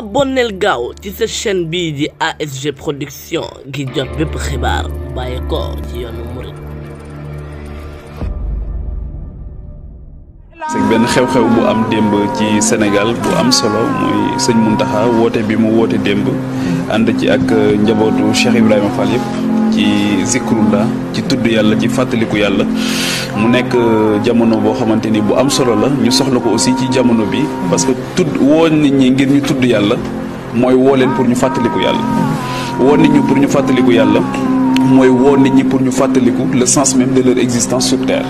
abonneel gaaw ci sa chaîne bii ji ASG production gi jot bépp xibaar bàyyi ko ci yoonu murit c'est benn xew-xew bu am démb ci Sénégal bu am solo sëñ Muntaxa woote bi mu woote démb ànd ci ak euh, njabootu Cheikh Ibrahima Fall yëpp ci zikrullah ci tudd yàlla ci fàttaliku yàlla mu nekk euh, jamono boo xamante bu am solo la ñu ko aussi ci jamono bi parce que tudd woo nit ñi ngir ñu tudd yàlla mooy woo pour ñu fàttaliku yàlla woo nit pour ñu fàttaliku yàlla mooy woo nit ñi pour ñu fàttaliku le sens même de leur existence sur terre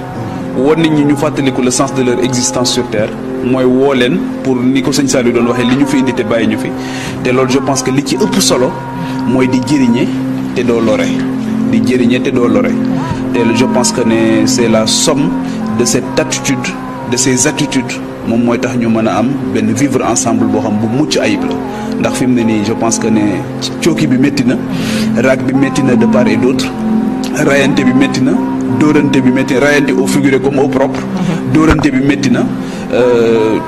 woo nit ñi ñu fàttaliku le sens de leur existence sur terre mooy woo leen pour ni ko sëñ Saliou doon waxee li ñu fi indi te ñu fi je pense que li ci ëpp solo mooy di te doo di te doo je pense que c'est la somme de cette attitude de ces attitudes Mon moi tax ñu mën am vivre ensemble boo xam bu mucc ayib ndax je pense que ne Choki bi metina, na raag bi métti na de part et d'autre rayante bi metina, na dóorante bi metina, na rayante au figuré comme au propre dóorante bi metina, na euh,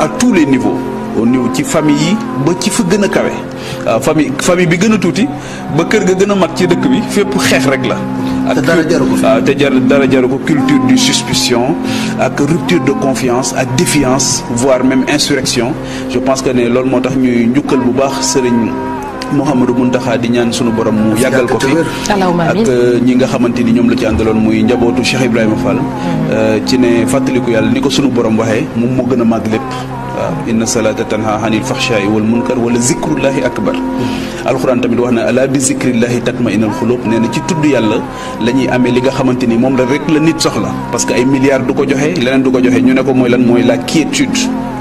à tous les niveaux au niveau ci famille yi ba ci fa gën kawé famille famille bi gëna touti ba kër ga gëna mat ci dëkk bi fep xex rek la. ak te dara culture du suspicion ak rupture de confiance ak défiance voire même insurrection je pense que né loolu motax ñuy njukkal bu baax sëriñ. Mouhamadou Mountakha di ñaan sunu borom mu yàggal ko fi ak euh, ñi nga xamante ni ñoom la ci àndaloon muy njabootu Cheikh Ibrahima Fall mm. euh, ci ne fàttaliku yàlla ni ko sunu borom waxee moom moo gën a màgg lépp waaw inna salaata tanha anil faxshaai wal munkar wala zikrullahi akbar mm. alxuraan tamit wax na ala bi zikrillahi tatma inal xulub nee na ci tudd yàlla la ñuy amee li nga xamante ni moom la rek la nit soxla parce que ay milliards du ko joxe leneen du ko joxe ñu ne ko mooy lan mooy la quiétude